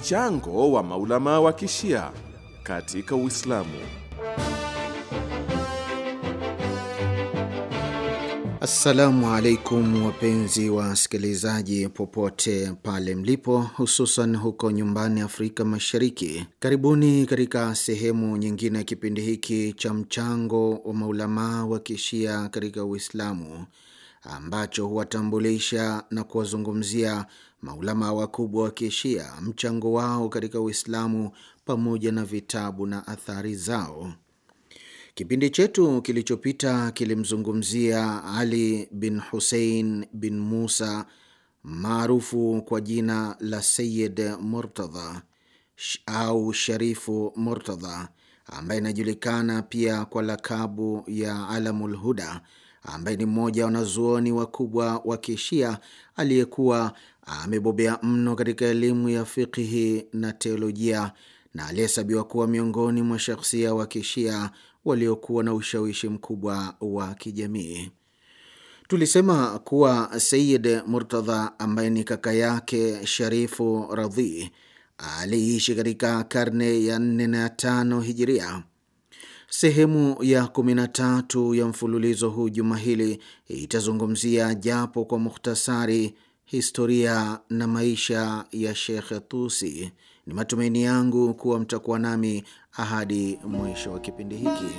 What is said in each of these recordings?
Mchango wa maulama wa kishia katika Uislamu. Assalamu alaikum wapenzi wasikilizaji, popote pale mlipo, hususan huko nyumbani Afrika Mashariki. Karibuni katika sehemu nyingine ya kipindi hiki cha mchango wa maulamaa wa kishia katika Uislamu ambacho huwatambulisha na kuwazungumzia maulama wakubwa wa kishia mchango wao katika Uislamu pamoja na vitabu na athari zao. Kipindi chetu kilichopita kilimzungumzia Ali bin Husein bin Musa maarufu kwa jina la Sayid Murtadha au Sharifu Murtadha, ambaye inajulikana pia kwa lakabu ya Alamul Huda, ambaye ni mmoja wa wanazuoni wakubwa wa Kishia aliyekuwa amebobea mno katika elimu ya fikihi na teolojia na alihesabiwa kuwa miongoni mwa shakhsia wa kishia waliokuwa na ushawishi mkubwa wa kijamii. Tulisema kuwa Sayid Murtadha ambaye ni kaka yake Sharifu Radhi aliishi katika karne ya nne na ya tano hijiria. Sehemu ya kumi na tatu ya mfululizo huu juma hili itazungumzia japo kwa mukhtasari historia na maisha ya Shekhe Tusi. Ni matumaini yangu kuwa mtakuwa nami hadi mwisho wa kipindi hiki.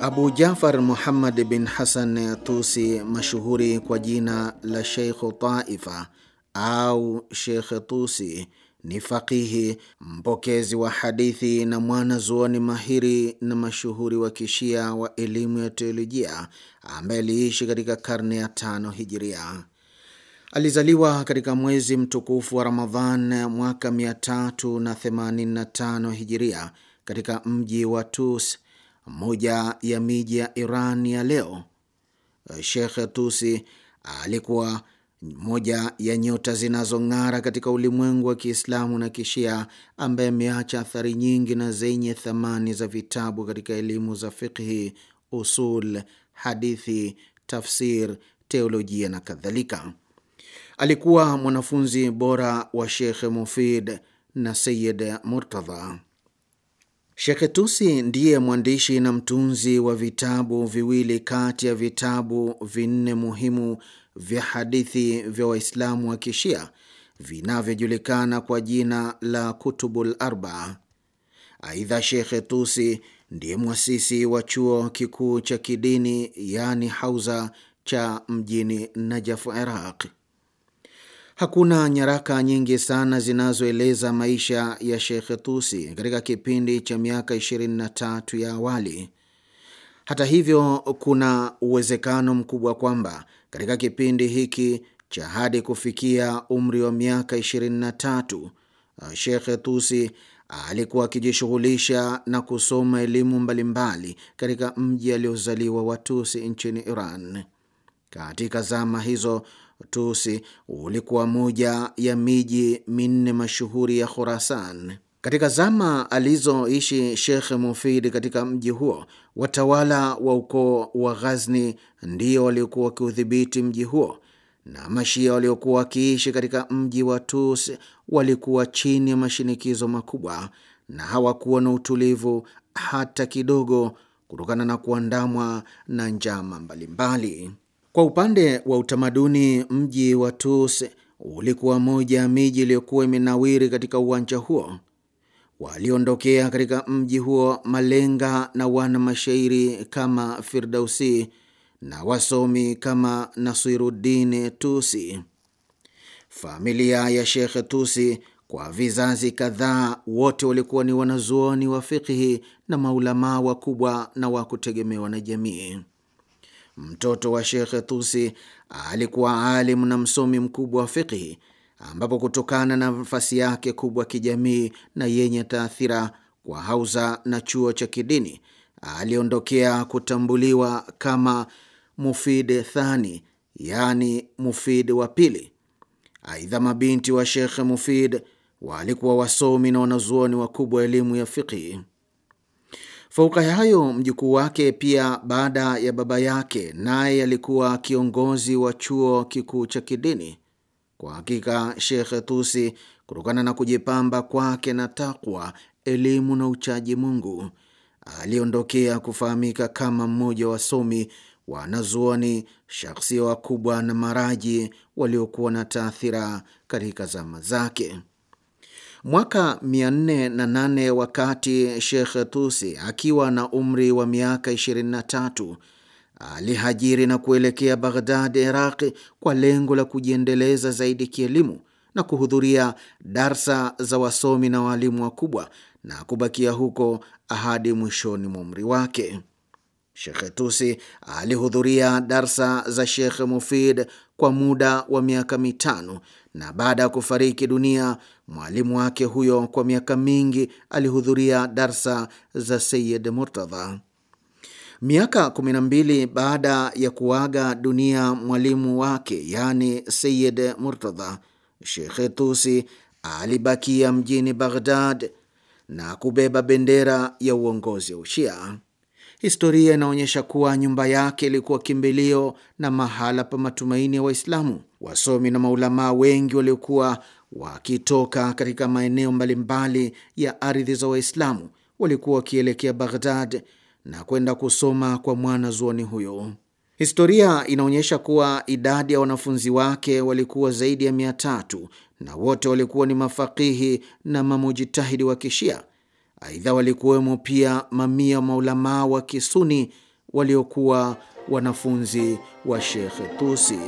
Abu Jafar Muhammad bin Hasan Tusi, mashuhuri kwa jina la Sheikhu Taifa au Sheikh Tusi ni faqihi mpokezi wa hadithi na mwanazuoni mahiri na mashuhuri wa kishia wa elimu ya teolojia ambaye aliishi katika karne ya tano hijiria. Alizaliwa katika mwezi mtukufu wa Ramadhan mwaka 385 hijiria katika mji wa Tus, moja ya miji ya Iran ya leo. Shekh Tusi alikuwa moja ya nyota zinazong'ara katika ulimwengu wa Kiislamu na Kishia, ambaye ameacha athari nyingi na zenye thamani za vitabu katika elimu za fiqhi, usul, hadithi, tafsir, teolojia na kadhalika. Alikuwa mwanafunzi bora wa shekhe Mufid na Sayid Murtadha. Shekhe Tusi ndiye mwandishi na mtunzi wa vitabu viwili kati ya vitabu vinne muhimu vya hadithi vya Waislamu wa Kishia vinavyojulikana kwa jina la Kutubul Arba. Aidha, Shekhe Tusi ndiye mwasisi wa chuo kikuu cha kidini yaani hauza cha mjini najafu Iraq. Hakuna nyaraka nyingi sana zinazoeleza maisha ya Sheikh Tusi katika kipindi cha miaka 23 ya awali. Hata hivyo, kuna uwezekano mkubwa kwamba katika kipindi hiki cha hadi kufikia umri wa miaka 23 Sheikh Tusi alikuwa akijishughulisha na kusoma elimu mbalimbali katika mji aliozaliwa Watusi nchini Iran. Katika zama hizo Tusi ulikuwa moja ya miji minne mashuhuri ya Khurasan. Katika zama alizoishi Shekh Mufid katika mji huo, watawala wa ukoo wa Ghazni ndio waliokuwa wakiudhibiti mji huo, na Mashia waliokuwa wakiishi katika mji wa Tus walikuwa chini ya mashinikizo makubwa na hawakuwa na utulivu hata kidogo, kutokana na kuandamwa na njama mbalimbali mbali. Kwa upande wa utamaduni, mji wa Tus ulikuwa moja ya miji iliyokuwa imenawiri katika uwanja huo. Waliondokea katika mji huo malenga na wana mashairi kama Firdausi na wasomi kama Nasiruddin Tusi. Familia ya shekhe Tusi kwa vizazi kadhaa, wote walikuwa ni wanazuoni wa fikhi na maulamaa wakubwa na wa kutegemewa na jamii mtoto wa Shekhe Tusi, alikuwa alimu na msomi mkubwa wa fikihi ambapo kutokana na nafasi yake kubwa kijamii na yenye taathira kwa hauza na chuo cha kidini aliondokea kutambuliwa kama mufid thani, yani mufid wa pili. Aidha, mabinti wa Shekhe Mufid walikuwa wasomi na wanazuoni wakubwa elimu ya fiqhi. Fauka ya hayo, mjukuu wake pia baada ya baba yake, naye alikuwa kiongozi wa chuo kikuu cha kidini. Kwa hakika shekh Tusi, kutokana na kujipamba kwake na takwa, elimu na uchaji Mungu, aliondokea kufahamika kama mmoja wa wasomi wanazuoni, shakhsia wakubwa na maraji waliokuwa na taathira katika zama zake. Mwaka 408 wakati Shekh Tusi akiwa na umri wa miaka 23 alihajiri na kuelekea Baghdad, Iraqi, kwa lengo la kujiendeleza zaidi kielimu na kuhudhuria darsa za wasomi na waalimu wakubwa na kubakia huko ahadi mwishoni mwa umri wake. Shekhe Tusi alihudhuria darsa za shekh Mufid kwa muda wa miaka mitano, na baada ya kufariki dunia mwalimu wake huyo, kwa miaka mingi alihudhuria darsa za Sayid Murtadha. Miaka 12 baada ya kuaga dunia mwalimu wake, yaani Sayid Murtadha, Shekhe Tusi alibakia mjini Baghdad na kubeba bendera ya uongozi wa Ushia. Historia inaonyesha kuwa nyumba yake ilikuwa kimbilio na mahala pa matumaini ya wa Waislamu. Wasomi na maulamaa wengi waliokuwa wakitoka katika maeneo mbalimbali ya ardhi za Waislamu walikuwa wakielekea Baghdad na kwenda kusoma kwa mwana zuoni huyo. Historia inaonyesha kuwa idadi ya wanafunzi wake walikuwa zaidi ya mia tatu na wote walikuwa ni mafakihi na mamujitahidi wa Kishia Aidha, walikuwemo pia mamia maulamaa wa kisuni waliokuwa wanafunzi wa Shekhe Tusi.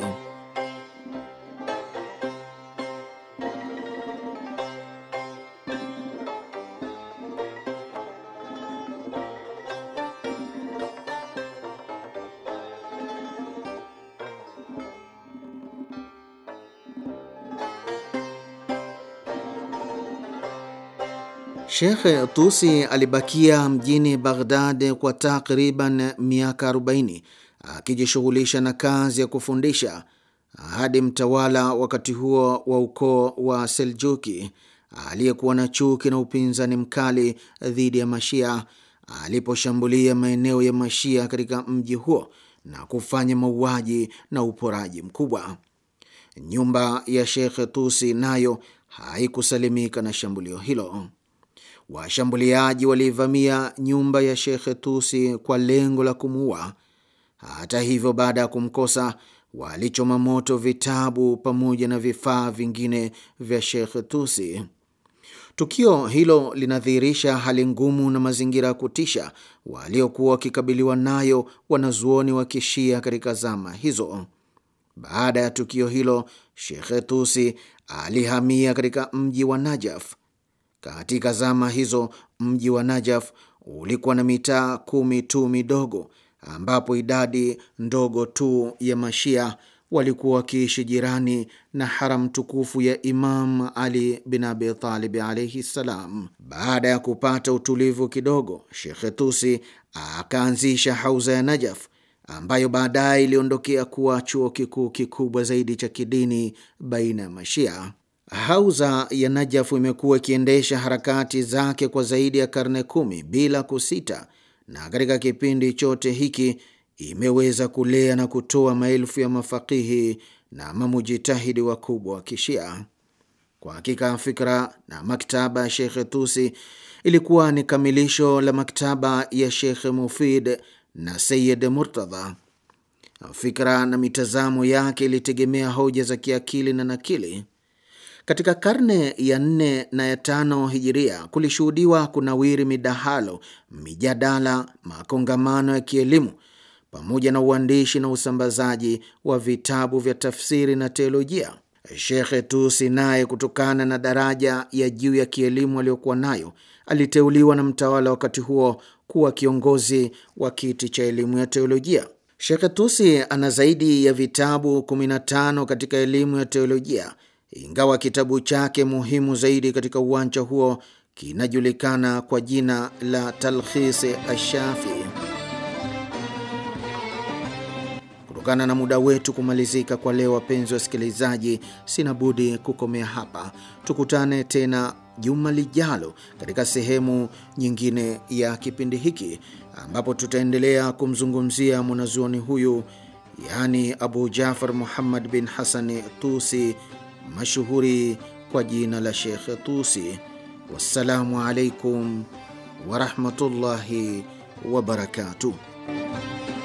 shekh Tusi alibakia mjini Baghdad kwa takriban miaka 40 akijishughulisha na kazi ya kufundisha hadi mtawala wakati huo wa ukoo wa Seljuki aliyekuwa na chuki na upinzani mkali dhidi ya Mashia aliposhambulia maeneo ya Mashia katika mji huo na kufanya mauaji na uporaji mkubwa. Nyumba ya shekh Tusi nayo haikusalimika na shambulio hilo washambuliaji walivamia nyumba ya Shekhe Tusi kwa lengo la kumuua. Hata hivyo, baada ya kumkosa walichoma moto vitabu pamoja na vifaa vingine vya Shekhe Tusi. Tukio hilo linadhihirisha hali ngumu na mazingira ya kutisha waliokuwa wakikabiliwa nayo wanazuoni wa kishia katika zama hizo. Baada ya tukio hilo, Shekhe Tusi alihamia katika mji wa Najaf katika zama hizo mji wa Najaf ulikuwa na mitaa kumi tu midogo, ambapo idadi ndogo tu ya Mashia walikuwa wakiishi jirani na haram tukufu ya Imam Ali bin Abi Talib alaihi ssalam. Baada ya kupata utulivu kidogo, Shekhe Tusi akaanzisha hauza ya Najaf ambayo baadaye iliondokea kuwa chuo kikuu kikubwa zaidi cha kidini baina ya Mashia. Hauza ya Najafu imekuwa ikiendesha harakati zake kwa zaidi ya karne kumi bila kusita, na katika kipindi chote hiki imeweza kulea na kutoa maelfu ya mafakihi na mamujitahidi wakubwa wa Kishia. Kwa hakika fikra na maktaba ya Shekhe Tusi ilikuwa ni kamilisho la maktaba ya Shekhe Mufid na Sayid Murtadha. Fikra na mitazamo yake ilitegemea hoja za kiakili na nakili. Katika karne ya nne na ya tano hijiria kulishuhudiwa kunawiri midahalo, mijadala, makongamano ya kielimu pamoja na uandishi na usambazaji wa vitabu vya tafsiri na teolojia. Shekhe Tusi naye kutokana na daraja ya juu ya kielimu aliyokuwa nayo aliteuliwa na mtawala wakati huo kuwa kiongozi wa kiti cha elimu ya teolojia. Shekhe Tusi ana zaidi ya vitabu 15 katika elimu ya teolojia ingawa kitabu chake muhimu zaidi katika uwanja huo kinajulikana kwa jina la Talkhisi ashafi Kutokana na muda wetu kumalizika kwa leo, wapenzi wasikilizaji, sina budi kukomea hapa. Tukutane tena juma lijalo katika sehemu nyingine ya kipindi hiki ambapo tutaendelea kumzungumzia mwanazuoni huyu, yaani Abu Jafar Muhammad bin Hasani Tusi mashuhuri kwa jina la Shekh Tusi. Wassalamu alaikum warahmatullahi wabarakatuh.